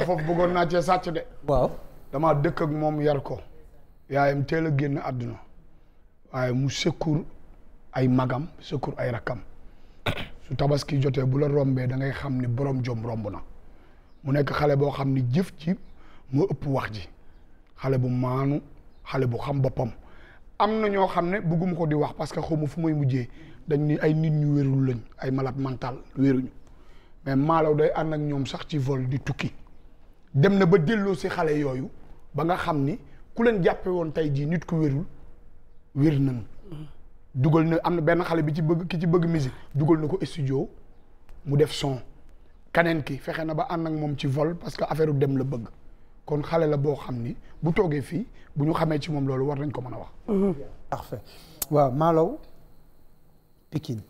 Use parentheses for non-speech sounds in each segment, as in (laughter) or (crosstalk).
foofu bëggoon naa cee sàcc de. waaw damaa dëkk ak moom yar ko. yaayam teel a génn àdduna. waaye mu secours ay magam secours ay rakkam. su tabaski jotee bu la rombee da ngay xam ni borom jom romb na. mu nekk xale boo xam ni jëf ci moo ëpp wax ji. xale bu maanu xale bu xam boppam. am na ñoo xam ne bëgguma ko di wax parce que xawma fu may mujjee dañ ay nit ñu wérul lañ ay malade mental wéruñu mais maalaw day ànd ak ñoom sax ci vol di tukki. dem na ba delloo si xale yooyu ba nga xam ni ku leen jàppe woon tey jii nit ku wérul wér nañu dugal na am na benn xale bi ci bëgg ki ci bëgg musique dugal na ko studio mu def son kaneen ki fexe na ba ànd ak moom ci vol parce que affaire dem la bëgg kon xale la boo xam ni bu toogee fii bu ñu xamee ci moom loolu war nañ ko mën a wax parfait waaw Malaw Pikine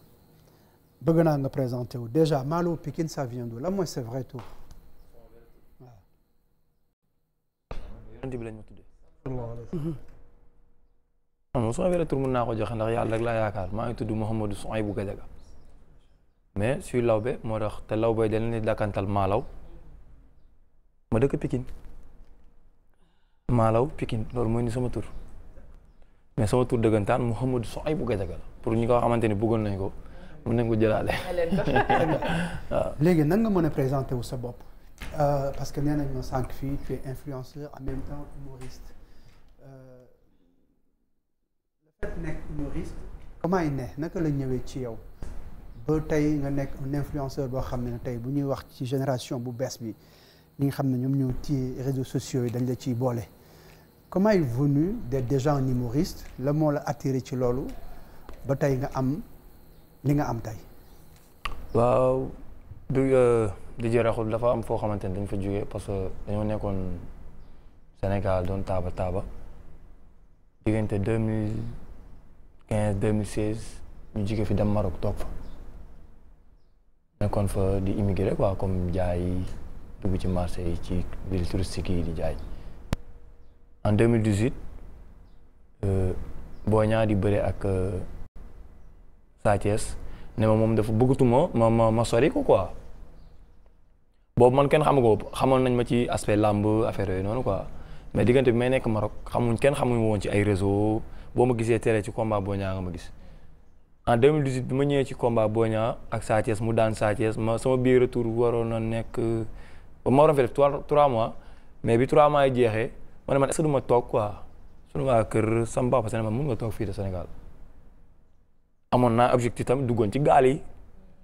bëgg naa nga présenté wu déjà Malaw Pikine ça vient d'où la mooy c'est vrai tout yonent bi lañ ma tuddee. moom sama vrai tur mun naa ko joxe ndax yàlla rek laa yaakaar maa ngi tudd Mouhamadou bu Gadiaga mais suy lawbe moo tax te law dañ leen di dakkantal maalaw ma dëkk Pikine maalaw pikin loolu mooy ni sama tur mais sama tur dëggantaan Mouhamadou Souhaïbou Gadiaga la pour ñi ko xamante ni bëggoon nañ ko mun nañ ko jëlaale. (laughs) léegi nan nga mën a présenté wu sa bopp. Euh, parce que nee nañ ma sànq fii tu es influenceur en même temps humoriste euh, le fait comment il ne naka la ñëwee ci yow ba tey nga nekk un influenceur boo xam ne tey bu ñuy wax ci génération bu bees bi ñi nga xam ne ñoom ñoo ci réseaux sociaux yi dañ la ciy boole comment est venu d'être déjà un humoriste la moo la attiré ci loolu ba tey nga am li nga am tey waaw euh, di jërëxul dafa am foo xamante ni dañ fa jógee parce que dañoo nekkoon Sénégal doon taaba taaba diggante deux mille quinze deux mille ñu jóge fi dem Maroc toog fa nekkoon fa di immigré quoi comme jaay dugg ci marché yi ci ville touristique yi di jaay en deux mille dix-huit euh, Boy Niang di bëre ak euh, Sa Thiès moom dafa buggatuma ma ma ma sori ko quoi boobu man kenn xamu ko xamoon nañ ma ci aspe làmb affaire yooyu noonu quoi mais diggante bi may nekk Maroc xamuñ kenn xamuñ woon ci ay réseau boo ma gisee tere ci combat Boy Niang nga ma gis en 2018 bi ma ñëwee ci combat Boy ak Sa Thiès mu daan Sa Thiès ma sama biir tour waroon na nekk ma waroon fi def trois mois mais bi trois mois yi jeexee ma ne man est-ce que du ma toog quoi sunu waa kër sama papa Sénégal mun nga toog fii de Sénégal amoon naa objectif ci gaal yi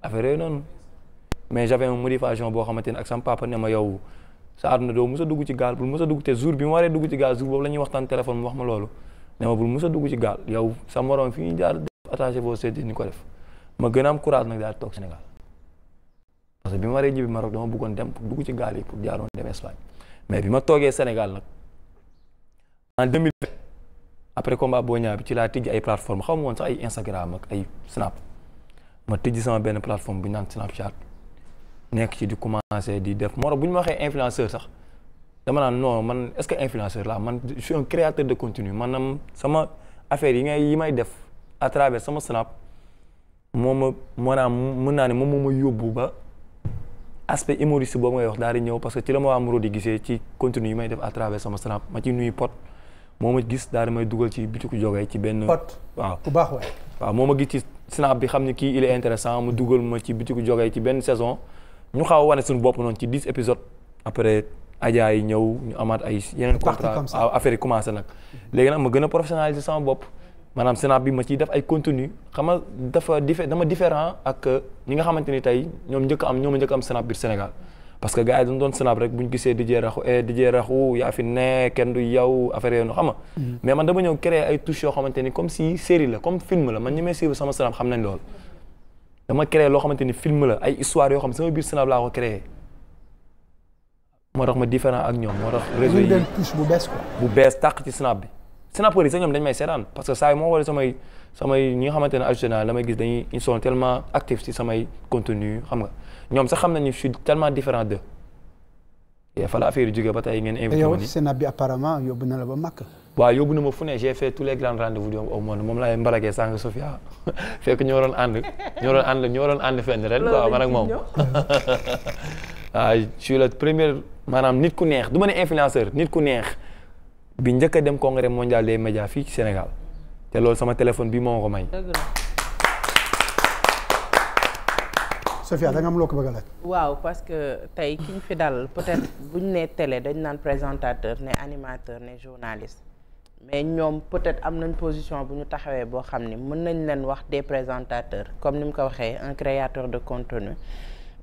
affaire mais j'avais une modification boo xamante ne ak sama papa ne ma yow sa àdduna doo mës a dugg ci gaal bul mës a dugg te jour bi mu waree dugg ci gaal jour boobu la waxtaan téléphone mu wax ma loolu ne ma bul a dugg ci gaal yow boo seeti ni ko def ma gën a am courage nag daal di toog bi ma waree jibi Maroc dama bëggoon dem pour dugg ci gaal yi pour jaaroon dem Espagne mais bi ma toogee Sénégal nag en 2000 après combat boo ñaa bi ci laa tijji ay plateforme xaw ma woon sax ay Instagram ak ay Snap ma tijji sama benn plateforme bu ñu naan Snapchat nekk ci di commencer di def moro bu ñu ma waxee influenceur sax dama naan non man est-ce que influenceur la man je suis un créateur de contenu maanaam sama affaire yi ngay yi may def à travers sama snap moom ma maanaam mën naa ne moom moo ma yóbbu ba aspect humoristique boobu ngay wax daal di ñëw parce que ci la ma waa Mourou di gisee ci contenu yi may def à travers sama snap ma ci nuyu pot moo a gis daal di may dugal ci bitiku jogee ci benn. pot waaw ku baax waaw moo ma gis ci bi xam ne kii il est intéressant mu dugal ma ci bitiku jogee ci benn saison. ñu xaw a wane suñu bopp noonu ci dix épisodes après Adja yi ñëw ñu amaat ay yeneen contrat affaire yi commencé nag léegi nag ma gën a professionnaliser sama bopp maanaam Sénat bi ma ciy def ay contenu xam nga dafa diffé dama différent ak ñi nga xamante ni tey ñoom njëkk am ñoom njëkk am Sénat biir Sénégal parce que gars yi dañu doon snap rek bu ñu gisee DJ Raxu eh DJ Raxu yaa fi ne kenn du yow affaire yooyu xam nga. Mm-hmm. mais man dama ñëw créer ay touches yoo xamante ni comme si série la comme film la man ñi may suivre xam nañ loolu. dama créé loo xamante ni film la ay histoire yoo xam sama biir Sénégal laa ko créé moo tax ma différent ak ñoom moo tax. réseau yi bu bees quoi. bu bees tàq ci snap bi. snapeur yi sax ñoom dañ may seetaan parce que saa moo xoolee samay samay ñi nga xamante ne ajouté naa gis dañuy ils sont tellement actifs ci samay xam nga ñoom sax xam nañu je suis tellement différent d'eux. et fa la affaire yi jógee ba tey ngeen invité ma nii. yow na la ba Makka. waaw yóbbu na ma fu ne j'ai fait tous les grands rendez-vous moom laay mbaragee sàng Sofia (laughs) fekk ñoo doon ànd ñoo doon ànd ñoo doon ànd waaw man ak moom waaw (laughs) ah, maanaam nit ku neex du ma ne influenceur nit ku neex bi njëkk a dem congrès mondial des médias fii ci Sénégal te loolu sama téléphone bi moo ko may Sofia da nga am loo ko waaw parce que tey ki fi dal peut-être buñ ñu nee télé dañ naan présentateur ne animateur ne journaliste. mais ñoom peut-être am nañ position bu ñu taxawee boo xam ni mën nañ leen wax des présentateurs comme ni mu ko waxee un créateur de contenu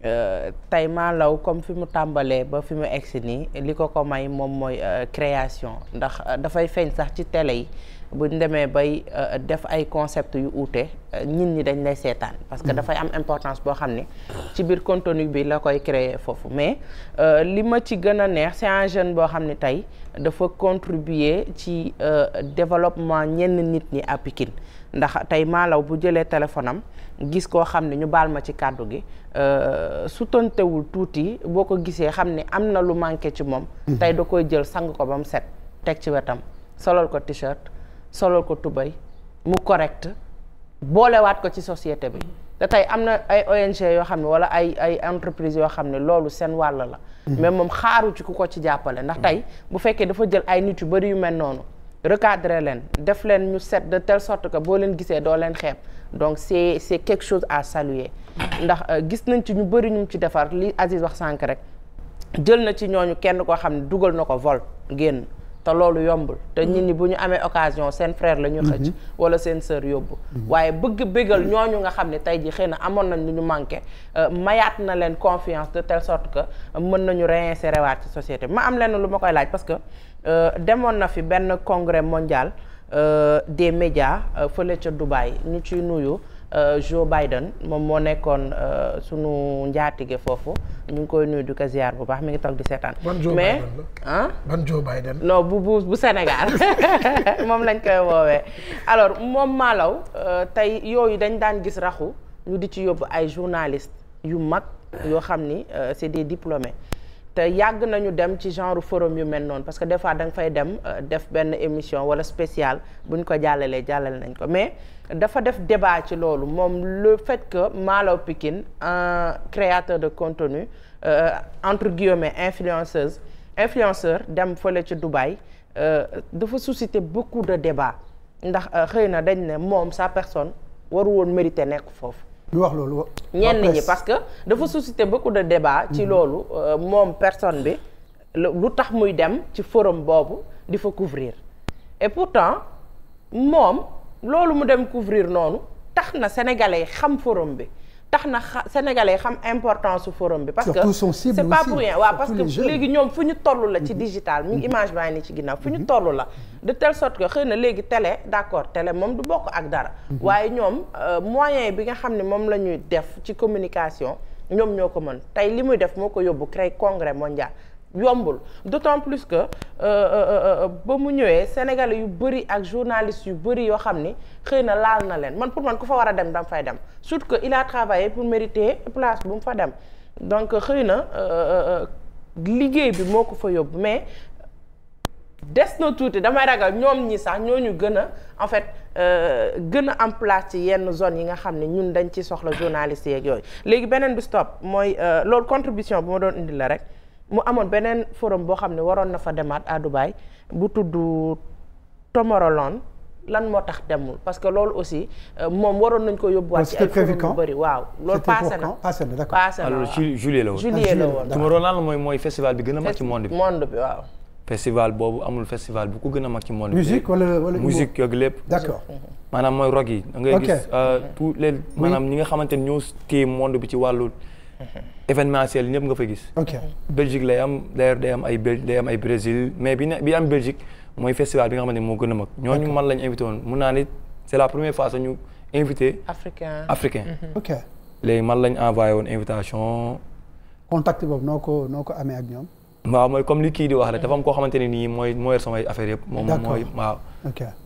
euh, tey Malaw comme fi mu tàmbalee ba fi mu egsi nii li ko ko may moom mooy euh, création ndax euh, dafay feeñ sax ci tele yi buñ demee bay euh, def ay concept yu uute ñin euh, ñi dañ lay seetaan parce que mm. dafay am importance boo xam ni ci biir contenu bi la koy créer foofu mais euh, li ma ci gën a neex c'est un boo xam ne tey dafa contribuer ci développement ñenn nit ñi à Pikine ndax tey maalaw bu jëlee téléphone am gis koo xam ne ñu baal ma ci kàddu gi su tontewul tuuti boo ko gisee xam ni am na lu manqué ci moom mm-hmm. tey da koy jël sang ko ba mu set teg ci wetam solal ko t-shirt solol ko tubay mu correct boolewaat ko ci société bi mm-hmm. te tey am na ay ONG yoo xam ne wala ay ay entreprise yoo xam ne loolu seen wàll la mm-hmm. mais moom xaaru ci ku ko ci jàppale ndax tey mm-hmm. bu fekkee dafa jël ay nit yu bari yu mel noonu recadre leen def leen ñu set de telle sorte que boo leen gisee doo leen xeeb donc c'est c'est quelque chose à saluer ndax euh, gis nañ ci ñu bari ñu ci defar li Aziz wax sànk rek jël na ci ñooñu kenn koo xam ne dugal na ko vol génn te loolu yombul te mm-hmm. nit ñi bu ñu amee occasion seen frère la ñu xëcc mm-hmm. wala seen sœur yóbbu mm-hmm. waaye bëgg bëggal ñooñu nga xam ne tey ji xëy na amoon nañ lu ñu manqué euh, mayaat na leen confiance de telle sorte que mën nañu réinsérer waat ci société ma am lenn lu ma koy laaj parce que euh, demoon na fi benn congrès mondial euh, des médias fële ca Dubaï ñu ciy nuyu Euh, Joe Biden moom moo nekkoon euh, sunu njaatige foofu ñu ngi koy nuy du ko ziar bu baax mi ngi toog di seetaan. mais ah ban Joe Biden. non bu bu bu Sénégal (laughs) moom lañ koy woowee alors moom Malaw euh, tey yooyu dañ daan gis raxu ñu di ci yóbbu ay journaliste yu mag yoo xam ni c'est des diplômés. te yàgg nañu dem ci genre forum yu mel noonu parce que des fois da nga fay dem euh, def benn émission wala spécial bu ñu ko jàllalee jàllale nañ ko mais dafa def débat ci loolu moom le fait malo Malaw Pikine un créateur de contenu euh, entre guillemets influenceuse influenceur dem fële ci Dubaï euh, dafa susciter beaucoup de débats ndax euh, xëy na dañ ne moom sa personne waru woon mérité nekk foofu ñu wax loolu ñenn ñi parce que dafa suscité beaucoup de débats ci mhm. loolu euh, moom personne bi lu tax muy dem ci forum boobu di fa couvrir et pourtant moom loolu mu dem couvrir noonu tax na sénégalais xam forum bi tax na sénégalais xam important su forum bi. parce que c'est pas pour rien waaw parce que léegi ñoom fu ñu toll la ci mm-hmm. digital. mi mm-hmm. image baa ngi ci ginnaaw fu ñu mm-hmm. toll la. de telle sorte que xëy na léegi télé d'accord télé moom du bokk ak dara. waaye ñoom euh, moyen bi nga xam ne moom la ñuy def ci communication ñoom ñoo ko mën tey li muy def moo ko yóbbu créer congrès mondial. yombul d'autant plus que euh, euh, euh, ba mu ñëwee sénégalais yu bëri ak journalistes yu bëri yoo xam ni xëy na laal na leen man pour man ku fa war a dem dam fay dem surtout que il a travaillé pour mériter place bu mu fa dem donc xëy na liggéey bi moo ko fa yóbbu mais des na tuuti damay ragal ñoom ñi sax ñooñu gën a en fait gën a am place ci yenn zone yi nga xam ne ñun dañ ci soxla journalistes yeeg yooyu léegi beneen bi stop mooy loolu contribution bu ma doon indi la rek mu amoon beneen forum boo xam ne waroon na fa demaat à baay bu tudd Tomorrowland lan moo tax demul parce que loolu aussi euh, moom waroon nañ ko yóbbu ci ay waaw loolu passé na passé na d'accord passé na alors juillet la woon juillet la woon Tomorrowland mooy mooy festival bi gën a mag ci monde bi monde bi waaw festival boobu amul festival bu ko gën a mag ci monde bi musique wala wala musique yooyu lépp d'accord maanaam mooy rock yi da ngay gis euh, tous les maanaam ñi nga xamante ni ñoo téye monde bi ci wàllu événementiel ñëpp nga fa gis. ok Belgique lay am d'ailleurs day am ay Bel day Belgique mooy festival bi nga xamante moo gën a mag. ñooñu man la première fois sax ñu invité. africain africain. Mm-hmm. ok léegi man lañ envoyé woon invitation. contact boobu noo ko noo ko amee ak ñoom. waaw mooy comme li kii di wax rek dafa am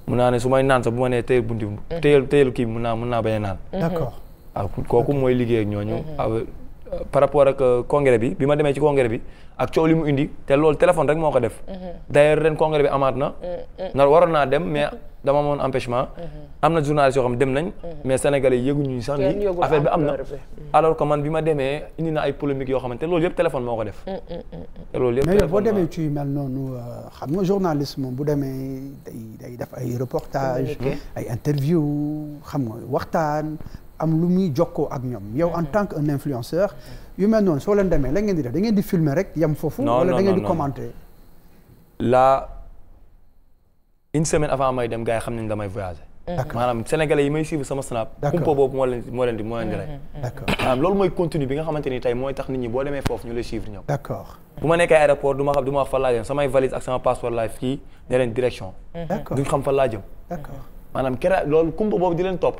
mm-hmm. naan sax bu ma nee tëyal bunti. Mm-hmm. tëyal tëyal kii naa mun naa a naan. d'accord waaw ah, kooku mooy liggéey ñooñu. Ah, par rapport ak euh, congrès bi bi ma demee ci congrès bi ak coow li mu indi te loolu téléphone rek moo ko def. Mhm. d'ailleurs ren congrès bi amaat na. Mhm, mhm. na waroon naa dem mais (laughs) dama amoon empêchement. am na journaliste yoo xam dem nañ. mais sénégalais yëguñu moo ko def. Mm, mm, mm, te loolu boo demee ci mel noonu euh, xam nga journaliste moom bu demee ay reportage ay interview xam nga am lu muy jokkoo ak ñoom yow en mm-hmm. tant que influenceur yu mel noonu soo leen demee la ngeen di def da ngeen di filmer rek yam foofu wala da ngeen di la une semaine avant may dem gars yi xam nañ damay voyager maanaam sénégalais yi may suivre sama snap kumpa boobu moo leen moo leen di moo leen di mm-hmm. Mm-hmm. maanaam loolu mooy continue bi nga xamante ni tey mooy tax nit ñi boo demee foofu ñu lay suivre ñoom d'accord bu ma nekkee aéroport du ma xam du ma wax fan laa jëm samay valise ak sama passeport laay fii ne leen direction duñ loolu kumpa boobu di leen topp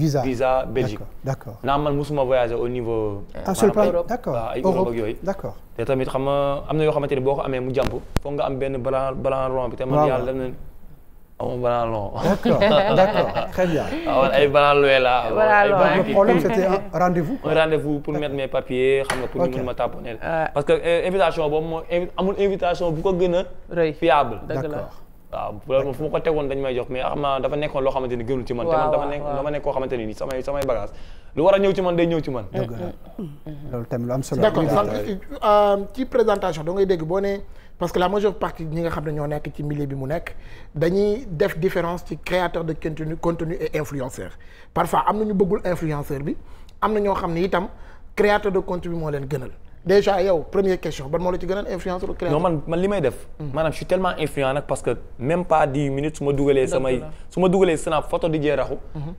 visa visa Belgique. d'accord naa man musuma voyager au niveau. ah sur le plan d'accord ay Europe yooyu. d'accord te tamit xam nga am na yoo xamante ni boo ko amee mu jàmp foog nga am benn ballon ballon rond bi. te man yàlla def na amoon ballon rond. d'accord (laughs) d'accord très bien. Ah, waaw ay ballon looy la. ay ballon le problème c'était un rendez-vous. un rendez-vous pour mettre mes papiers xam nga pour ñu mën ma tamponner. parce que euh, invitation boobu mooy amul invitation bu ko gën a. rëy fiable d'accord. waaw loolu fu ma ko tegoon dañ may jox mais xam ah, naa dafa nekkoon loo xamante ni gënul ci man te man dama nekk dama nekk ni samay samay bagage lu war a ñëw ci man day ñëw ci man mm, mm, mm. Euh, euh, ci présentation da ngay dégg boo ne parce que la majeure partie ñi nga xam ne ñoo nekk ci milieu bi mu nekk dañuy def différence ci créateur de contenu contenu et influenceur parfois am na ñu bëggul influenceur bi am na ñoo xam ne itam créateur de contenu moo leen gënal déjà yow première question ba moo la ci gën a influence non man man li may def hmm. maanaam je suis tellement influent nag parce que même pas dix minutes su ma dugalee samay su ma dugalee snap photo di jee raxu hmm.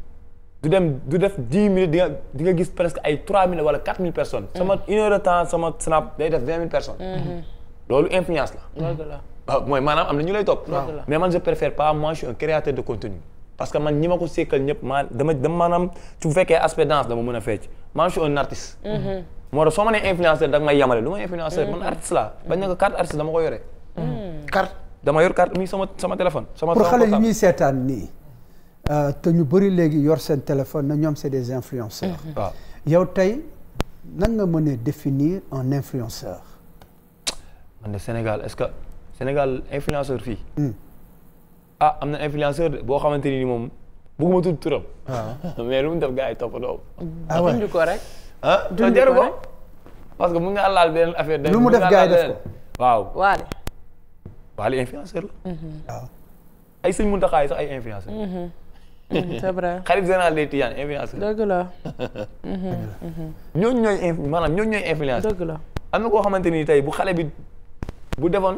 du dem du def dix minutes di nga di nga gis presque ay trois mille wala quatre mille personnes hmm. sama une heure de temps sama snap day def vingt mille personnes loolu influence la waaw am na ñu lay topp mais man je préfère pas moi un créateur de contenu que man ñi ma ko sekkal ñëpp maa dama dama maanaam su fekkee aspect danse dama a fecc man je suis un moo tax soo ma nee influenceur da nga may yamale lu ma influenceur man mm-hmm. artiste laa bañ na ko carte artiste dama ko yore. Mm. carte dama yor carte mi sama sama téléphone. sama pour xale yi ñuy seetaan nii euh, te ñu bëri léegi yor seen téléphone na ñoom c'est des influenceurs. Mm-hmm. waaw yow tey nan nga mën a définir un influenceur. man de Sénégal est-ce que Sénégal influenceur fii. Mm. ah am na influenceur boo xamante ni moom bëgguma tudd turam. Ah. (laughs) mais lu mu def gars ah jaru ko parce que mun nga laal beneen affaire. lu mu def gars yi def ko waaw. waale. waale influenceur la. Mhm. waaw ay sëñ Muntaxa yi sax ay influenceur. Mhm. Mhm, c'est vrai xarit (laughs) général des Tidiane influenceur. dëgg la. (laughs) ñooñu ñooy influenceur. dëgg la am na koo xamante nii tey bu xale bi bu defoon.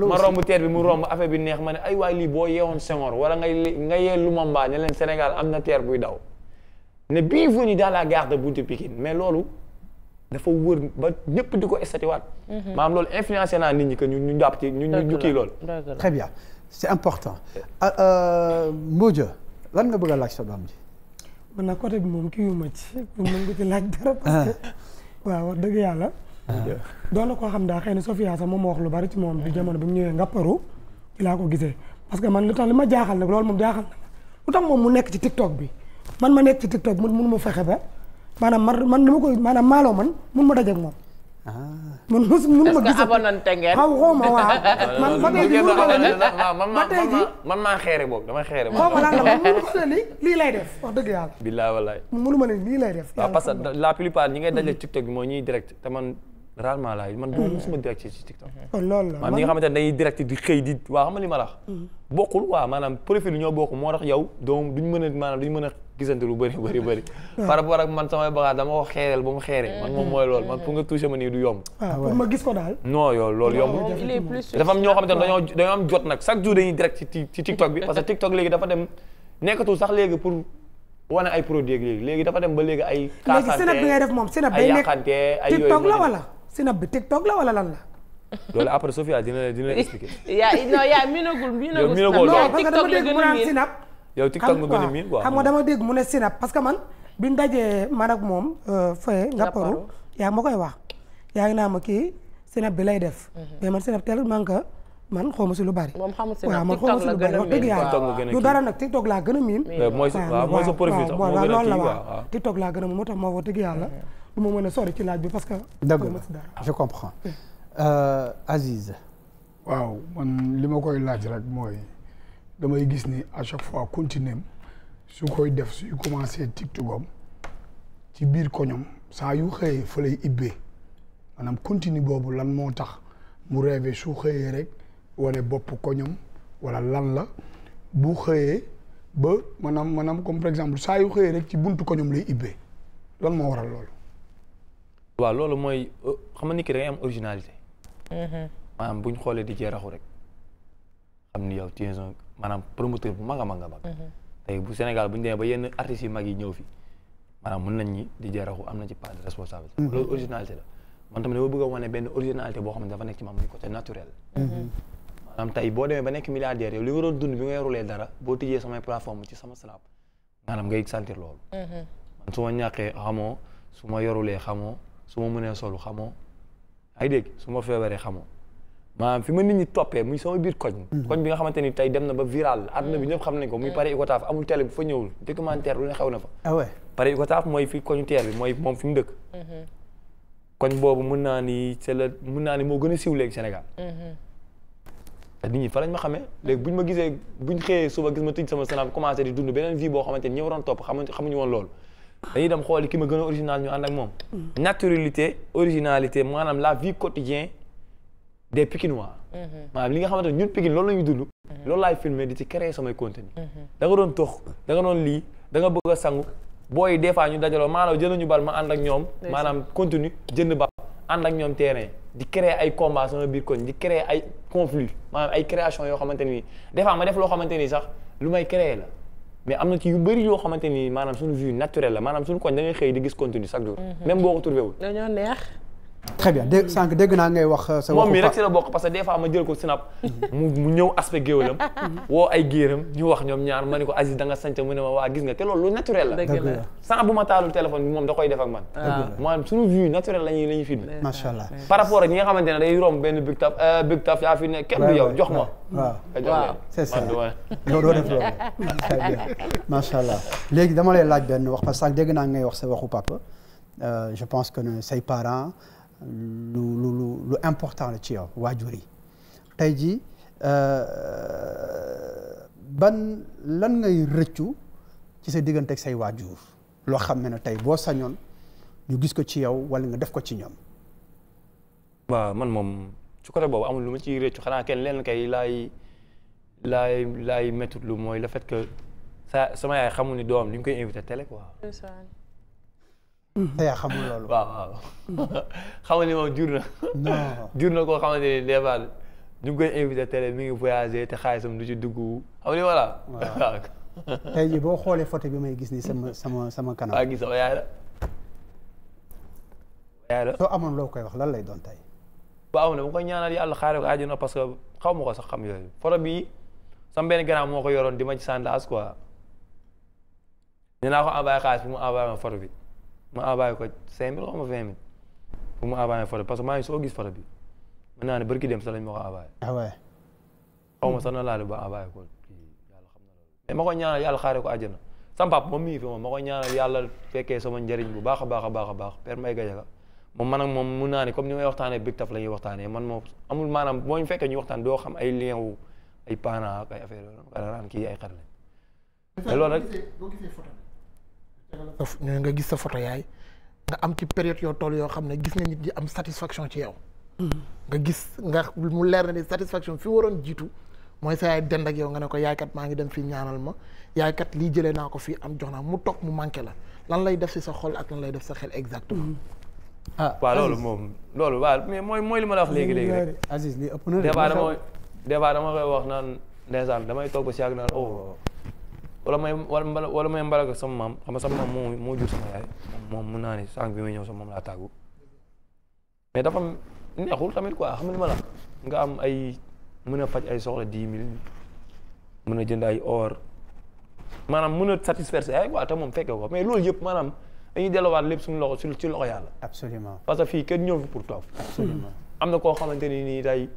ma romb teer bi mu romb affaire bi neex ma ne ay waay lii boo yeewoon Senghor wala ngay nga yee Lumumba ne leen Sénégal am na teer buy daw ne bienvenue dans la gare de Bountou Pikine mais loolu dafa wër ba ñëpp di ko estatiwaat maanaam mhm. loolu influencé naa nit ñi que ñu ñu jàpp ci ñu ñu kii loolu très bien c'est important ah, euh, Mbodja lan nga bëgg laaj sa doom ji man na côté bi moom kii yu ma ci moom mën nga ci laaj dara parce ah. que waaw dëgg yàlla doon na koo xam daa xëy na Sofia sax moom ma wax lu bari ci moom bi jamono bi mu ñëwee ngapparu laa ko gisee parce que man lu tax li ma jaaxal nag lool moom jaaxal na lu tax moom mu nekk ci TikTok bi man ma nekk ci TikTok bi mun ma fexe ba man man dama man mun ma dajeeg ma ah. mun ma gis. abonante ngeen xaw xaw man ba tey jii ma tey jii man maa xeere la man mënu ma ne lii lay def wax dëgg yàlla. bilaay walaay mënu ma ne lii lay def. waaw parce que la plupart ñi ngay daje TikTok direct te man. rarement laay man du musuma direct ci TikTok. Mm-hmm. Oh, loolu la maanaam xamante ne dañuy direct di xëy di waa xam nga mm-hmm. bokk moo tax yow doom duñ mën a maanaam duñ mën a gisante lu bëri bëri bëri. man samay bagaas dama ko xeereel ba mu xeeree. man moom mooy loolu man pour nga touché ma nii ñoo xamante ne dañoo dañoo am jot nag chaque jour dañuy direct ci ci TikTok bi parce que TikTok léegi dafa dem nekkatul sax léegi pour. wane ay produit léegi léegi dafa dem ba léegi ay. kaasante moom Sénégal ay ay yooyu TikTok la wala sinap bi TikTok la walla lan la. loolu après Sophia dina la dina la expliquer. (laughs) yaa miinagul miinagul. yow TikTok la gën a miin sinap. yow TikTok nga a parce que man bi dajee man ak moom euh, fee nga paru yaa ma koy wax yaa naa ma kii sinap bi lay def. Mhm. mais man sinap teel man ka man xawma la gën a miin wax dëgg yàlla dara nag TikTok laa gën a miin. mooy sa profil sax moo gën a kii la waaw laa gën a miin moo tax moo wax dëgg yàlla mhm. du ma mën a sori ci laaj bi parce que. dëgg la je comprends. Euh, Aziz. waaw man li ma koy laaj rek mooy damay gis ni à chaque fois continuer su koy def suy commencé tiktokam ci biir koñom saa yu xëyee fa lay ibbee maanaam continue boobu lan moo tax mu rêvé su xëyee rek wane bopp koñom wala lan la bu xëyee ba maanaam maanaam comme par exemple saa yu xëyee rek ci buntu koñom lay ibbee lan moo waral lool waaw loolu mooy xam nga nit ki da ngay am originalité. Mm-hmm. maanaam bu ñu xoolee di jeeraxu rek xam ni yow tu es un maanaam promoteur bu mag a mag a mag. Mm-hmm. tey bu Sénégal bu ñu demee ba yenn artistes yu mag yi ñëw fi maanaam mën nañ ñi di jeeraxu am na ci part de responsabilité. Mm-hmm. loolu originalité la man tamit dama bëgg a wane benn originalité boo xam ne dafa nekk ci man muy côté naturel. maanaam tey boo demee ba nekk milliardaire yow li nga doon dund bi nga yorulee boo tijjee samay plateforme ci sama snap maanaam ngay sentir loolu. man su ma ñàkkee xamoo su ma yorulee xamoo. su ma mënee solu xamoo ay dégg su ma feebaree xamoo maanaam fi ma nit ñi toppee mu sama biir koñ hmm. koñ bi nga xamante ni tey dem na ba viral hmm. àdduna bi ñëpp xam nañ ko muy hmm. pare Icotaf amul télé bu fa ñëwul documentaire lu ne xew na fa ah ouais pare Icotaf mooy fi koñu teer bi mooy moom fi mu dëkk koñ boobu mën naa ni c'est la mën naa ni moo gën a siiw léegi Sénégal te nit ñi fa lañ ma xamee léegi buñ ma gisee buñ xëyee suba gis ma tëj sama snap commencé di loolu dañuy dem xooli ki ma gën a original ñu ànd ak moom. naturalité originalité maanaam la vie quotidienne des Pikinois. Mhm. maanaam li nga xamante ne ñun Pikine loolu la ñu dund. Mhm. loolu laay filmer di ci créer samay contenu. Mhm. da doon tox danga doon lii danga nga bëgg a sangu booy des fois ñu dajaloo maanaam jënd ñu bal ma ànd ak ñoom. maanaam continue jënd bal ànd ak ñoom terrain di créer ay combats sama biir koñ di créer ay conflits maanaam ay création yoo xamante ni des ma def loo xamante ni sax lu may créer la. mais am na ci yu bëri yoo xamante ni maanaam suñu vue naturelle la maanaam suñu koñ da ngay xëy di gis contenu chaque jour. Mhm. même boo ko trouvé wul. dañoo neex. très bien dégg sànq dégg naa ngay wax. Euh, sa moom mii rek si la bokk parce que ko sinap. mu mu ñëw woo ay géeram ñu wax ñoom ñaar ma ne ko da nga sant mu ne ma waa gis nga te loolu lu naturel la. dëgg la sans bu koy def ak man. Ah. maanaam suñu vue naturel la ñuy la ñuy filmé. fi ne kenn du jox ma. waaw waaw c'est ça loolu doo def macha allah léegi dama lay laaj benn wax parce que sànq naa ngay wax sa waxu papa euh, je pense que say parents lu lu lu important la ci yow waajur yi tey jii euh, ban lan ngay rëccu ci sa diggante ak say waajur loo xam ne ne tey boo sañoon ñu gis ko ci yow wala nga def ko ci ñoom. waaw man moom ci côté boobu amul lu ma ciy rëccu xanaa kenn leen kay laay laay laay méttiwul mooy le fait que sa sama yaay xamul ni doom li ñu koy invité télé quoi. Mm-hmm. te yaa xamul loolu. waaw waaw mm-hmm. xam nga ni moom jur na. non (laughs) jur na koo xamante ni des fois ñu ngi koy invité télé mi ngi voyagé te xaalisam du ci dugg. xam ni voilà. (laughs) tey boo xoolee photo bi may gis ni sama (laughs) sama sama kanam. waa gis soo amoon loo koy wax lan lay doon tey. waaw ne bu ko parce que xaw ma ko sax xam yooyu photo bii sama benn grand moo ko yoroon di ma ci sànni as quoi. naa ko envoyé xaalis bi mu envoyé ma photo bi. ma envoyé ko cinq mille xaw ma vingt mille pour mu envoyé photo parce maa ngi soo gis photo bi mën naa ne barki dem sax lañ ma ko envoyé. ah waay. xaw ma sax na laal ba envoyé ko xam na loolu mais ko ñaanal yàlla xaaree ko àjjana sama papa moom mii fi moom ma ko ñaanal yàlla fekkee sama njariñ bu baax a baax a baax a baax père may gajaga moom man ak moom mun naa ne comme ni may waxtaanee big taf la ñuy waxtaanee man moom amul maanaam boo ñu fekkee ñu waxtaan doo xam ay lien wu ay paana ak ay affaire yooyu ay xar lañ. te loolu rek boo ñu nga gis sa foto yaay nga am ci période yoo tool yoo xam ne gis nga nit yi am satisfaction ci yow mm. nga gis nga mu leer na ni satisfaction fi waroon jiitu mooy sa yaay dend ak yow nga ne ko yaaykat maa ngi dem fi ñaanal ma yaaykat lii jëlee naa ko fi am jox naa mu toog mu manqué la lan lay def si sa xol ak lan lay def sa xel exactement mm. ah, ah waaw loolu moom loolu waaw mais mooy mooy li ma la wax léegi léegi rek Aziz li ëpp na débat dama débat dama koy wax naan ndeysaan damay toog si ak naan oh wala may wala wala may mbalaga sama maam xam nga sama maam moo moo jur sama yaay moom mun naa ne sànq bi may ñëw sama maam mais dafa neexul tamit quoi xam nga ma la nga am ay mën a faj ay soxla dix mille mën a jënd ay or maanaam mën a satisfaire sa yaay quoi te moom fekke ko mais loolu yëpp maanaam dañuy delluwaat lépp suñu loxo ci loxo yàlla. absolument parce que fii kenn ñëw fi pour toog. am na koo xamante ne nii day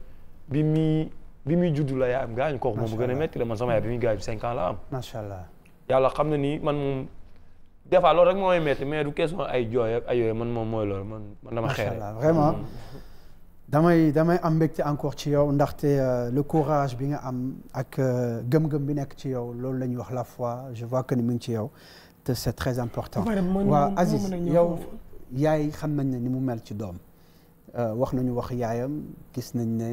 bi muy. bi muy judd la yaayam gaañu kooku moom gën a métti la man sama yaay bi muy gaañu cinq ans la am macha allah yàlla xam na ni man moom des fois loolu rek moo may métti mais du question ay jooy ak ay man moom mooy loolu man man dama xeere vraiment mm. damay damay am mbégte encore ci yow ndaxte euh, le courage bi nga am ak euh, gëm-gëm bi nekk ci yow loolu la ñuy wax la fois je vois que ni mu ngi ci yow te c'est très important waa Aziz yow yaay xam nañ ne ni mu mel ci doom euh, wax nañu wax yaayam gis nañ ne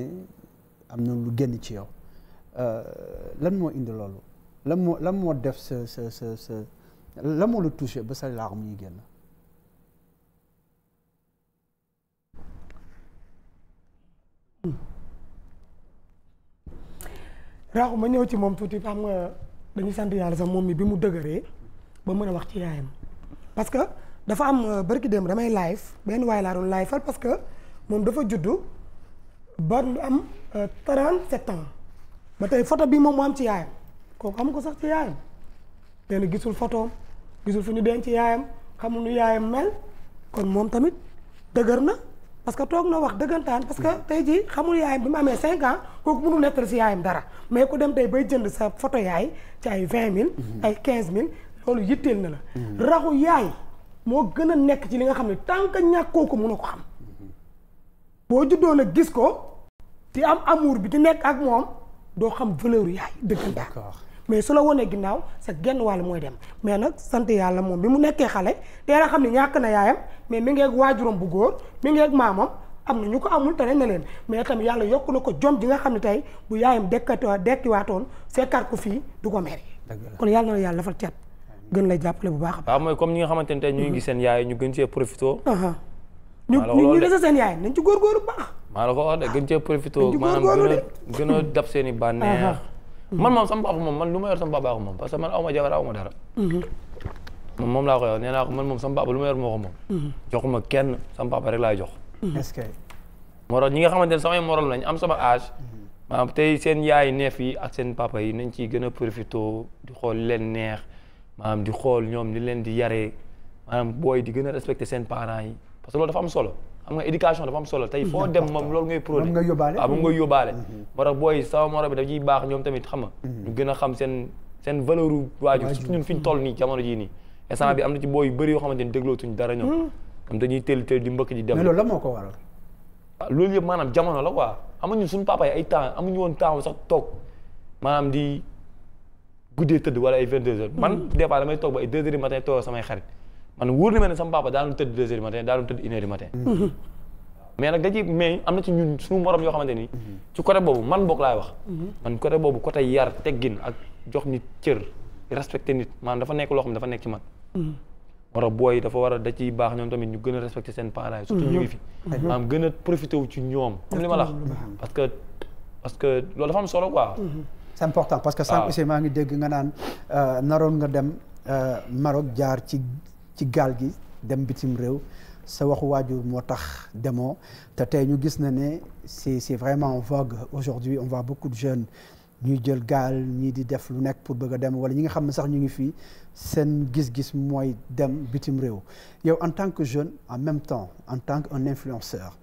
am na lu génn ci yow euh, lan moo indi loolu lan moo lan moo def sa sa sa lan moo la touché ba sa larme yi génn. raaxu ma ñëw ci moom tuuti xam nga dañuy sant yàlla sax moom bi mu dëgëree ba mën a wax ci yaayam parce que dafa am euh, barki démb damay live benn waay laa doon live fal parce que moom dafa juddu ba am. 37 euh, ans ba tey photo bi moom mu am ci yaayam kooku amu ko sax ci yaayam nee gisul photo gisul fu ñu denc yaayam xamul nu yaayam mel kon moom tamit dëgër na parce que toog na wax dëggantaan parce que hmm. tey jii xamul yaayam bi mu amee 5 ans kooku mënul nettal si yaayam dara mais ku dem tey bay jënd sa photo yaay ci ay 20000. Hmm. ay mille loolu yitteel na la. Hmm. raxu yaay moo gën a nekk ci li nga xam ne tant que ñàkkoo ko mënoo ko xam boo juddoo nag gis ko. di am amour bi di nekk ak moom doo xam valeur yaay dëggantaan mais su la wonee ginnaaw sa genn wàll mooy dem mais nag sant yàlla moom bi mu nekkee xale teel a xam ne ñàkk na yaayam mais mi ngi bu góor mi ngi ak na ñu ko amul tane na leen mais tamit yàlla yokk na ko jom ji nga xam ne tey bu yaayam dekkatoo dekkiwaatoon sekkaat ko fii du ko mer kon yàlla na yàlla dafal cat gën lay jàppale bu baax waaw mooy comme ñi nga xamante ne tey ñu ngi seen yaay ñu gën cee profité ñu ñu gis seen yaay nañ ci góorgóoru baax maa la ko wax de gën cee profité maanaam gën a gën a dab seen i bànneex ah, ah. man moom sama papa moom man lu ma yor sama papa moom parce que man awma jabar awma dara mhm. moom laa ko nee naa man moom sama papa lu ma moo ko moom mhm. joxuma kenn sama papa rek laay jox mhm. est-ce que moro ñi nga xamante ne samay morom lañ am sama âge maanaam tey seen yaay neef yi ak seen papa yi nañ ciy gën a profité di xool leen neex maanaam di xool ñoom di leen di yaree maanaam booy di gën a respecté seen parents yi parce que loolu dafa am solo xam nga éducation dafa am solo tey foo dem moom loolu ngay prôné moom nga yóbbaale waaw moom ngay yóbbaale ah, mm-hmm. Mm-hmm. moo tax booy sama morom bi daf ciy baax ñoom tamit xam nga mm-hmm. ñu gën a xam seen seen valeur u waajur surtout ñun fi ñu toll nii jamono jii nii instant bi am na ci booy yu bëri yoo xamante ni déglootuñ dara ñoom am dañuy teel teel di mbëkk di dem mais la moo ko waral ah, loolu yëpp maanaam jamono la quoi amuñu suñu papa ay temps amuñu woon temps sax toog maanaam di guddee tëdd wala ay vingt man des fois damay toog ba ay deux heures du matin toog samay xarit man wóor na ma ne sama daanu tëdd deux heures daanu tëdd une mais nag da mais am na ci ñun suñu morom yoo xamante ni. ci côté boobu man bokk laay wax. man côté boobu côté yar teggin ak jox nit cër respecté nit maanaam dafa nekk loo xam ne dafa nekk ci man. war a booy dafa war a da ciy baax ñoom tamit ñu gën a respecté seen parents yi surtout ñu ngi fi. maanaam gën a profité wu ci ñoom. comme li parce que parce que loolu dafa am solo quoi. c'est important parce que. waaw sànq aussi maa ngi dégg nga naan euh, naroon nga dem euh, Maroc jaar ci. ci gaal gi dem bitim réew sa waxu waajur moo tax demoo te tey ñu gis na ne c'est c'est vraiment en vogue aujourd'hui on voit beaucoup de jeune ñuy jël gaal ñii di def lu nekk pour bëgg dem wala ñi nga xam ne sax ñu ngi fii seen gis-gis mooy dem bitim réew yow en tant que jeune en même temps en tant un influenceur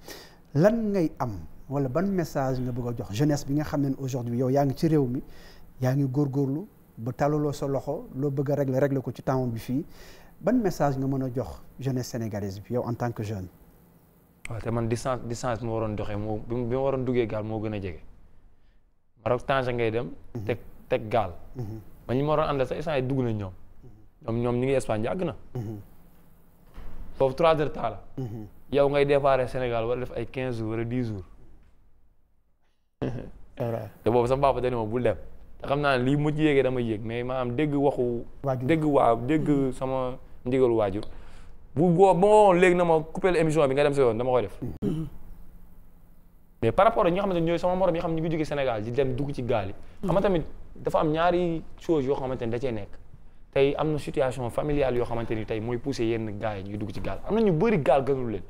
lan ngay am wala ban message nga bëgg jox jeunesse bi nga xam ne aujourd'hui yow yaa ngi ci réew mi yaa ngi góorgóorlu ba talaloo bi fii ban message nga mën a jox jeune sénégalaise bi yow en tant que jeune. waaw te man distance distance bi ma waroon doxee moo bi ma waroon duggee gaal moo gën a jege. Maroc Tanger ngay dem. Mhm. teg teg gaal. Mhm. man ñi ma waroon àndal sax dugg na mhm. ñoom. ñoom ñoom ñu ngi Espagne yàgg na. foofu trois heures temps la. yow ngay déparé def ay quinze jours wala dix jours. (laughs) te boobu sama papa dañu ma bul dem. te xam naa lii mu ci yéegee dama yéeg mais maanaam dégg waxu. dégg waaw dégg sama. ndigal waajur bu boo ba woon léegi na ma coupé émission bi nga dem sa yoon dama koy def mais par rapport ak ñi nga ne ñooy sama morom yi xam ne ñu ngi jóge Sénégal di dem dugg ci gaal yi xam nga tamit dafa am ñaari chose yoo xamante ni da cee nekk tey am na situation familiale yoo xamante ni tey mooy poussé yenn gars yi ñuy dugg ci gaal am na ñu bari gaal gënul leen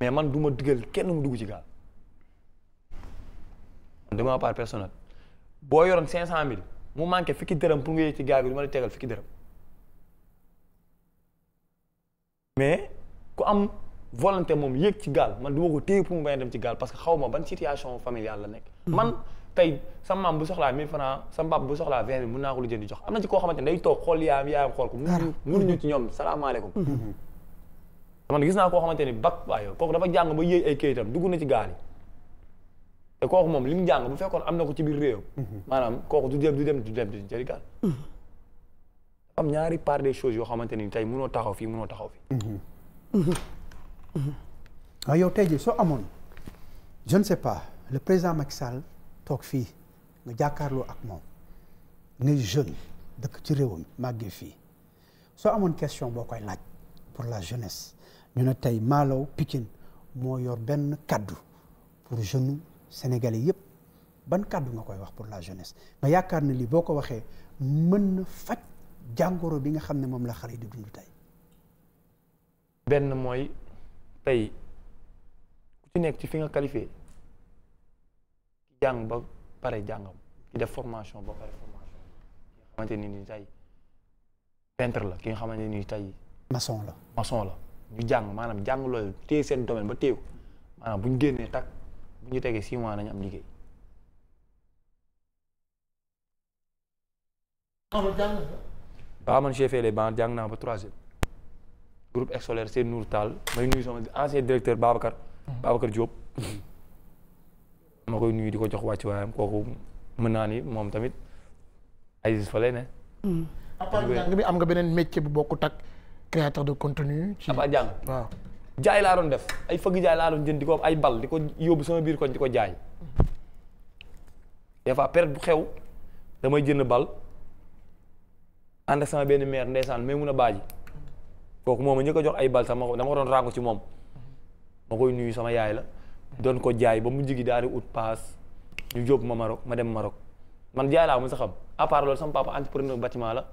mais man duma ma digal kenn mu dugg ci gaal de ma part personnel boo yoroon cinq cent mille mu manqué fukki dërëm pour nga ci gaal bi du ma fukki dërëm mais ku am volonté moom yéeg ci gaal man du ma ko téye pour mu bañ a dem ci gaal parce que xaw ma ban situation familiale la nekk. Hmm. man tey sa maam bu soxlaa 1000 francs sa papa bu soxlaa 20 000 mën naa ko lu jënd jox am na ci koo xamante ne day toog xool yaayam yaayam xool ko. mënuñu hmm. gis naa koo xamante ni bac waaye kooku dafa jàng ba yéey ay kayitam dugg na ci gaal yi te kooku moom li mu jàng bu fekkoon am na ko ci biir réew. Hmm. maanaam kooku du dem du dem du dem du jëri gaal. am ñaari part des choses yoo xamante ni tey mënoo taxaw fii mënoo taxaw fii. waaw mhm. mhm. ah, yow tey jii soo amoon je ne pas le président Macky Sall toog fii nga jàkkaarloo ak moom ngay jeune dëkk ci réewam màggee fii soo amoon question boo koy laaj pour la jeunesse ñu ne tey malo Pikine moo yor benn kaddu pour jeune sénégalais yépp ban kaddu nga koy wax pour la jeunesse nga yaakaar ne lii boo ko waxee mën na faj. jàngoro bi nga xam ne moom la xale di dund tey benn mooy tey ku ci nekk ci fi nga qualifié ki jàng ba pare jàngam ki def formation ba pare formation ki nga xamante ni ni tay peintre la ki nga xamante ni tey maçon la mason la ñu jàng maanaam jàng loolu téye seen domaine ba téew maanaam bu ñu génnee takk bu ñu tegee six mois nañu am liggéey waaw man j'ai fait les bancs jàng naa ba troisième groupe scolaire seen Nour Tall may nuyu sama ancien directeur Babacar Babacar Diop ma koy nuyu di ko jox wàcc waayam kooku mën naa ni moom tamit Aziz fa ne à bi am nga beneen métier bu bokkut ak créateur de contenu ci à jàng jaay laa doon def ay fëgg jaay laa doon jënd di ko ay bal di ko yóbbu sama biir koñ di ko jaay des fois bu xew damay jënd bal ànd ak sama benn maire ndeysaan may mun a baaji kooku moom a ñu ko jox ay bal sax ma ko dama ko doon ràngu ci moom ma koy nuyu sama yaay la doon ko jaay ba mu jigi daal di ut paas ñu jóob ma Maroc ma dem Maroc man jaay laa mu sa xam à part loolu sama papa entrepreneur bâtiment la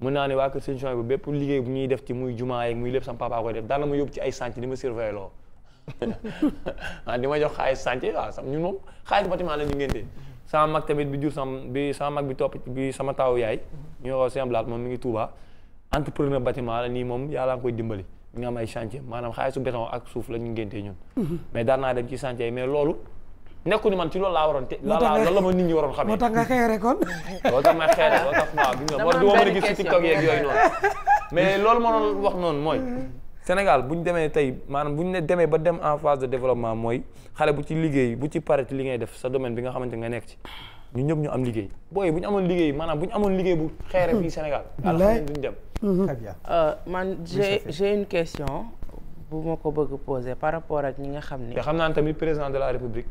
mun naa ne waa kër seen bu bépp liggéey bu ñuy def ci muy jumaa muy lépp sama papa koy def daal la ma yóbbu ci ay sànc di ma surveiller loo (laughs) ah di ma jox xaalis sànc waaw ñun moom xaalis bâtiment la ñu ngéntee sama mag tamit bi jur sama bi sama mag bi topp bi sama taaw yaay ñu nga xaw Sëñ Abdou Lahad moom mi ngi Touba entrepreneur bâtiment la nii moom yàlla nga koy dimbali nga am ay chantier maanaam xaalisu béton ak suuf la ñu ñun mhm. mais daan dem ci chantier yi mais loolu nekku ni man ci loolu laa waroon te la la la ma nit ñi waroon xamee moo tax nga xeere kon loolu tax ma xeere loolu a gis mais loolu ma doon wax noonu mooy Sénégal bu ñu demee tey maanaam bu ñu demee ba dem en phase de développement mooy xale bu ci liggéey bu ci pare li ngay def sa domaine bi nga xamante nga nekk ci ñu ñëpp ñu am liggéey booy bu ñu amoon liggéey maanaam bu ñu amoon liggéey bu xeere fii Sénégal alhamdulilah duñu dem très bien euh, man j'ai j'ai une question bu ma ko bëgg poser par rapport ak ñi nga xam ne te xam naa tamit président de la république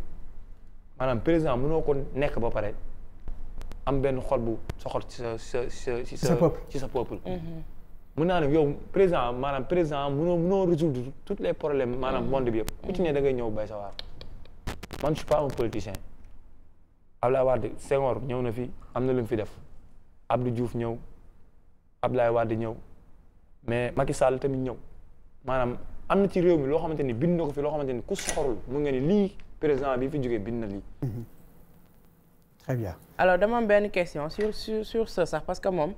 maanaam président mënoo ko nekk ba pare am benn xol bu soxor ci sa sa sa sa ci sa peuple mun naa ne yow président maanaam président mu mënoo résoudre tous les problèmes maanaam monde bi yëpp ku ci ne da ngay ñëw bay sa waar man je suis pas un politicien Abdoulaye Wade Senghor ñëw na fii am na lu mu fi def Abdou Diouf ñëw ab Abdoulaye di ñëw mais Macky Sall tamit ñëw maanaam am na ci réew mi loo xamante ni bind na ko fi loo xamante ni ku soxorul mu nga ni lii président bi fi jógee bind na lii mhm. très bien alors dama am benn question sur sur sur sax parce que moom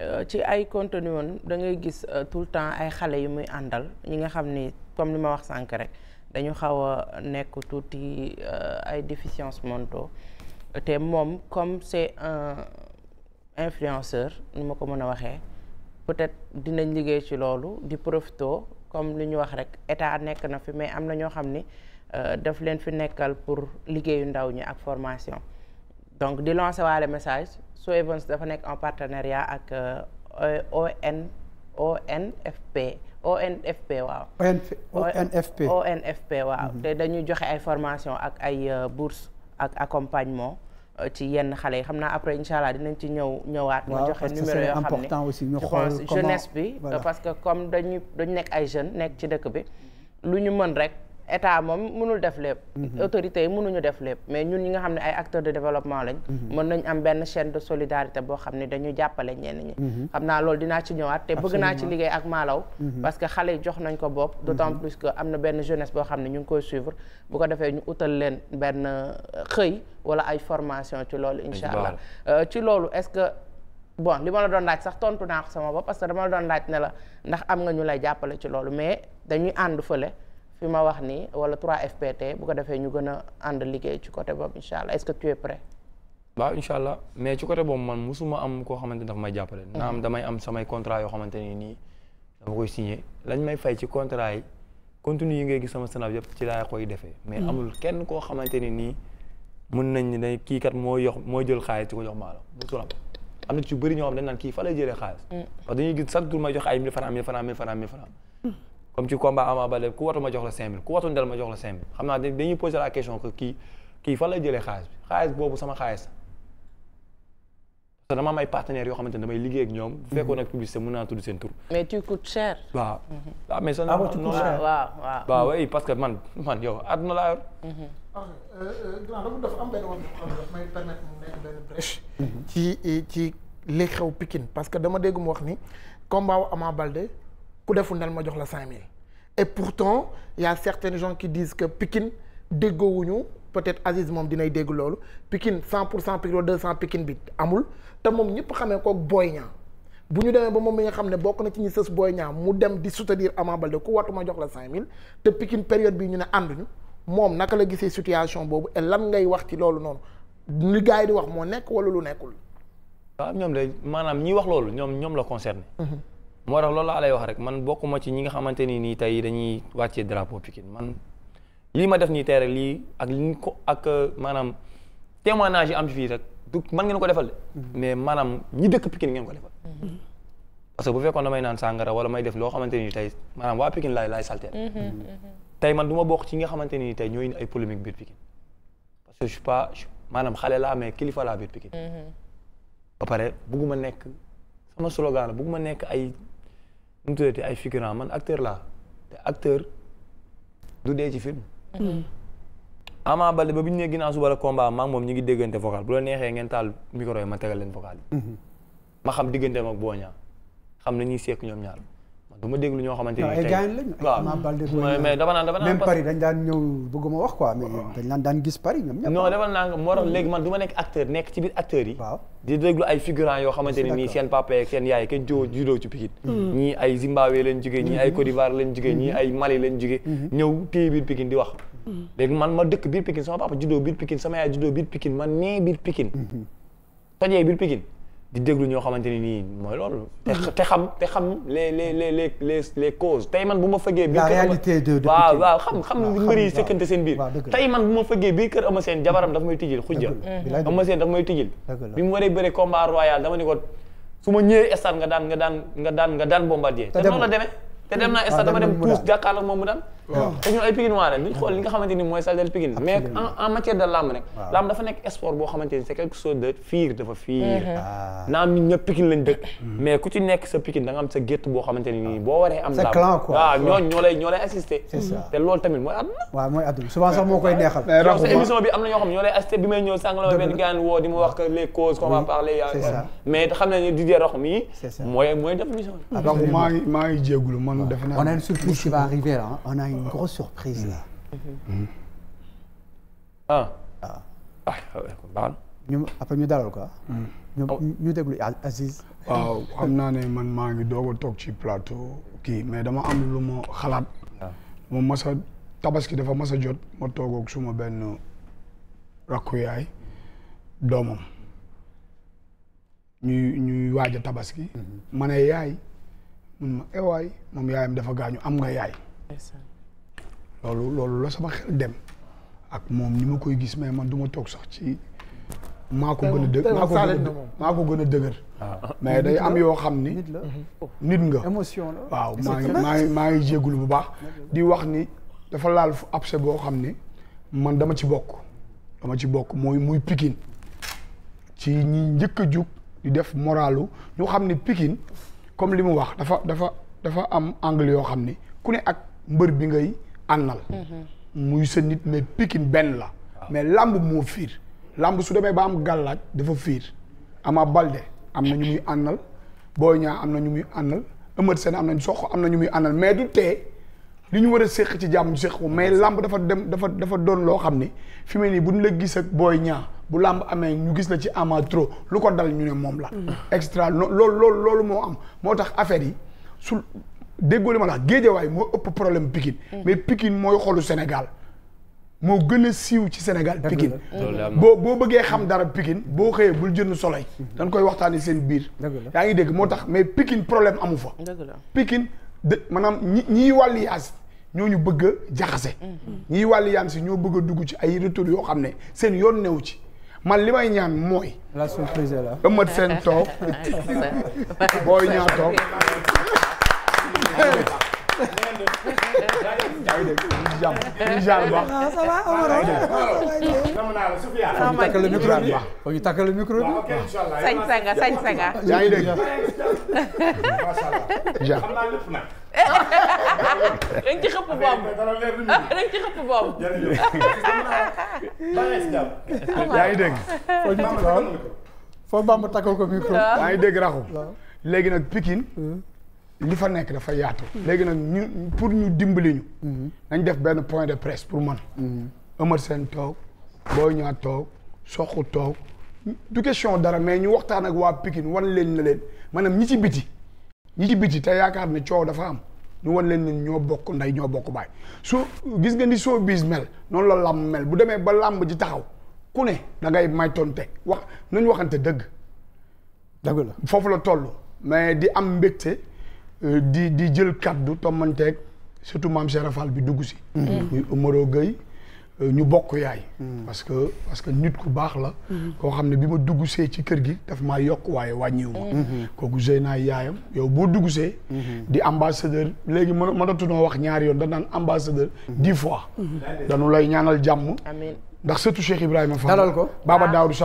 Euh, ci ay contenu woon da ngay gis euh, tout le temps ay xale yu muy àndal ñi nga xam ni comme li ma wax sànk rek dañu xaw a nekk tuuti euh, ay déficience mentaux te moom comme c'est un influenceur nu ma ko mën a waxee peut-être dinañ liggéey ci loolu di profito comme li ñu wax rek état nekk na fi mais am na ñoo xam ni daf leen fi nekkal pour liggéeyu ndaw ñi ak formation donc di lancer waale message Sow Events dafa nekk en partenariat ak euh, ON ONFP ONFP waaw. ONFP ONFP waaw. Mhm. te dañuy joxe ay formation ak ay euh, bourse ak accompagnement. Euh, ci yenn xale yi xam naa après incha allah dinañ ci ñëw ñëwaat. nga joxe numéro yoo xam ne aussi ñu xool jeunesse bi. parce que comme dañu dañu nekk ay jeunes nekk ci dëkk bi. lu ñu mën rek. état moom munul def lépp mhm. autorités yi mënuñu def lépp mais ñun ñi nga xam ne ay acteur de développement lañ mhm. mën nañ am benn chaîne de solidarité boo xam ne dañuy jàppale ñenn ñi mhm. xam naa lool dinaa ci ñëwaat te bëgg naa ci liggéey ak Malaw parce que xale jox nañ ko bopp d'autant plus que am na benn jeunesse boo xam ne ñu ngi koy suivre bu ko defee ñu utal leen benn euh, xëy wala ay formation ci loolu incha allah euh, ci loolu est-ce que bon li ma la doon laaj sax tontu naa sama bopp parce que dama doon laaj ne la ndax am nga ñu lay jàppale ci loolu mais dañuy ànd fële fi ma wax nii wala 3FPT bu ko defee ñu gën a ànd liggéey ci côté boobu incha allah est-ce que tu es prêt. waaw incha allah mais ci côté boobu man musuma am koo xamante ni dafa may jàppale. Mhm. naa am damay am samay contrat yoo xamante ne nii dama koy signé lañ may fay ci contrat yi continue yi ngay gis sama snap yëpp ci laa koy defee. mais mhm. amul kenn koo xamante ne nii mun nañ ne day kii kat moo yox moo jël xaalis ci ko jox maanaam musul am. am na ci yu bëri ñoo xam dañ naan comme ci combat Ama Baldé ku watu ma jox la 5000 ku watu ndel ma jox la 5000 xam naa dañuy poser la question que kii kii lay jëlee xaalis bi xaalis boobu sama xaalis parce que dama am ay partenaires yoo xamante ne damay liggéey ñoom. bu fekkoon ak publicité mën naa tudd seen tur. mais tu coûtes parce que man man yow àdduna laa mhm. ah, euh, euh, mhm. parce que dama dégg mu wax ni combat wu Ama Baldé. ku deful ndel ma jox la cinq mille et pourtant il y a certaines gens qui disent que Pikine déggoowuñu peut-être moom dinay dégg loolu Pikine cent pour cent Pikine wala deux cent bi amul te moom ñëpp xamee kook Boy Niang bu ñu demee ba moom mi nga xam ne bokk na ci ñu sës Boy Niang mu dem di soutenir Ama Baldé ku watuma jox la cinq mille te Pikine période bi ñu ne ànduñu moom naka la gisee situation boobu et lan ngay wax ci loolu noonu li gars yi di wax moo nekk wala lu nekkul. waaw ñoom de maanaam ñi wax loolu ñoom ñoom la concerné. Mm-hmm. moo tax loolu laa lay wax rek man bokkuma ci ñi nga xamante ni nii tey dañuy wàccee drapeau Pikine man lii ma def nii tey lii ak li ko ak euh, maanaam témoignage yi am fii rek du man ngeen ko defal mm-hmm. mais maanaam ñi dëkk Pikine ngeen ko defal mm-hmm. parce que bu fekkoon damay naan sàngara wala may def loo xamante ni tey maanaam waa Pikine laay laay salteel mm-hmm, tey man du ma bokk ci ñi nga xamante ni tey ñooy indi ay polémique biir Pikine parce que je suis pas maanaam xale laa mais kilifa laa biir Pikine ba pare nekk sama slogan la bugguma nekk ay mu tuddati ay figurant man acteur laa te acteur du dee ci film. Mm-hmm. Ama Baldé ba bu ñu nee ginnaaw suba la combat ma moom ñu ngi déggante vocal bu la neexee ngeen taal micro ma tegal leen vocal yi. Mm-hmm. ma xam digganteem ak Boy xam na ñuy seek ñoom ñaar. du déglu ñoo xamante ni tey waaw mais dama naan dama naan Paris dañ daan ñëw bëgguma wax quoi mais dañ naan daan gis Paris ñoom ñëpp non dama naan moo tax léegi man du ma nekk acteur nekk ci biir acteurs yi waaw di déglu ay figurants yoo xamante ni nii seen papa ak seen yaay kenn jo judoo ci Pikine mm. Mm. ñii ay Zimbabwe lañ jógee ñii ay mm-hmm. Côte d'Ivoire lañ jógee ñii mm-hmm. ay Mali lañ jógee mm-hmm. ñëw téye biir Pikine di wax mm. léegi man ma dëkk biir Pikine sama papa judoo biir Pikine sama yaay judoo biir Pikine man nee biir Pikine tojee biir Pikine di déglu ñoo xamante ni nii mooy loolu. te xam te xam les les les les les causes tey man bu ma fëggee. biir kër la réalité de de tey man bu ma fëggee biir kër ama seen jabaram daf may tijjil xujja. ama seen daf may tijjil. bi mu waree bëri combat royal dama ni ko su ma ñëwee stade nga daan nga daan nga daan nga daan bombardier. te noonu la demee te dem hmm. naa ah, stade dama dem puus jàkkaarloo moom mu daan. waaw te ñun ay Pikinois lañ duñ xool li nga xamante ni mooy saldel Pikine mais en matière de lamb rek lamb dafa nekk sport boo xamante ni c'est quelque chose de fiir dafa fiir mhm. ah. naam ñun ñëpp Pikine lañ dëkk mhm. mais ku ci nekk sa Pikine da nga am sa gétt boo xamante ni ah. boo waree am lamb waaw ñooñ ñoo lay ñoo lay assister te loolu tamit mooy àdduna waaw mooy àdduna souvent sax moo koy neexal yow sa émission bi am na ñoo xam ne ñoo lay assister bi may ñëw sàng la ma benn gaan woo di ma wax les causes qu'on va parler mais xam ne Didier Roxum yi mooy mooy def émission bi ah, donc maa ngi maa ngi jéegulu man defe naa on a une surprise qui va arriver là on a une grosse surprise mm-hmm. Mm-hmm. ah. waaw ah. ah, ah, ñu après ñu dalal quoi. Mm. ñu oh. xam naa ne man maa ngi doog a toog ci plateau kii mais dama am lu ma xalaat. moom masa tabaski dafa masa jot ma toog suma benn rakku yaay doomam ñu ñuy waaj tabaski. Mm-hmm. mane ne yaay mun ma ewaay eh moom yaayam dafa gaañu am nga yaay. loolu loolu la sama xel dem ak moom ni ma koy gis mais man du ma toog sax ci maa ko gën a dëgër maa ko gën a dëgër ah. mais day am yoo xam ni nit nga émotion waaw maa ngi maa ngi maa ngi jégalu bu baax di wax ni dafa laal abcès boo xam ni man dama ci bokk dama ci bokk mooy muy pikin ci ñi njëkk a jug di def moralu ñu xam ni pikin comme li mu wax dafa dafa dafa am angle yoo xam ni ku ne ak mbër bi ngay àndal. muy sa nit mais pikin benn la. mais làmb moo fiir làmb su demee ba am gàllaaj dafa fiir Ama balde am na ñu muy àndal Boy ñaa am na ñu muy àndal Eumeu seen am nañ sox am na ñu muy àndal mais du tee li ñu war a séq ci jàmm ñu séq ko mais làmb dafa dem dafa dafa doon loo xam ni fi mu nii bu ñu la gis ak Boy Niang bu làmb amee ñu gis la ci Ama trop lu ko dal ñu ne moom la. Mm-hmm. extra loolu loolu moo am moo tax affaire yi déggoo li ma la wax géejawaay moo ëpp problème pikin mm. mais pikin mooy xolu Sénégal moo gën a siiw ci Sénégal Pikine boo boo bëggee xam dara pikin boo xëyee bul jënd soleil mm. dañ koy waxtaanee seen biir yaa ngi dégg moo tax mais Pikine problème amu fa pikin de maanaam ñi ñiy wàlli yaas ñoo ñu bëgg a jaxase mm. ñiy wàlli yaam si ñoo bëgg a dugg ci ay retour yoo xam ne seen yoon newu ci man li may ñaan mooy la surprise la ëmmat seen toog (laughs) booy ñaa toog (laughs) waaw ñu takkal micro bi. sañ sanga sañ sanga. yaa ngi dégg. macha allah. xam naa lépp ngi dégg. foofu bamba ko micro. yaa ngi dégg raxu. léegi nag li fa nekk dafa yaatu. léegi nag ñu pour ñu dimbali ñu. nañ def benn point de presse pour man. Eumeu Sène toog Boy Niang toog Sokh toog du question dara mais ñu waxtaan ak waa Pikine wan leen na leen maanaam ñi ci biti ñi ci biti te yaakaar ne coow dafa am ñu wan leen ñoo bokk nday ñoo bokk baay soo gis nga ni soo bis mel noonu la làmb mel bu demee ba làmb ji taxaw ku ne da ngay may tonte wax nañ waxante dëgg. dëgg la foofu la toll mais di am mbégte. Euh, di di jël kaddu tommanteeg surtout maam Cheikh Rafal bi dugg si. Mm. muy mm. Omaro Gueye euh, ñu bokk yaay. Mm. parce que parce que nit ku baax la. koo xam ne bi ma dugg see ci kër gi daf maa yokk waaye wàññiwu ma. Mm-hmm. kooku jëy naa yaayam yow boo dugg see. Mm-hmm. di ambassadeur léegi mën mënatu mënatunoo wax ñaari yoon dañ naan ambassadeur. Mm-hmm. di fois. dañu lay ñaanal jàmm. amiin ndax surtout Cheikh Ibrahima Fall. dalal ko Baba ah. Daoud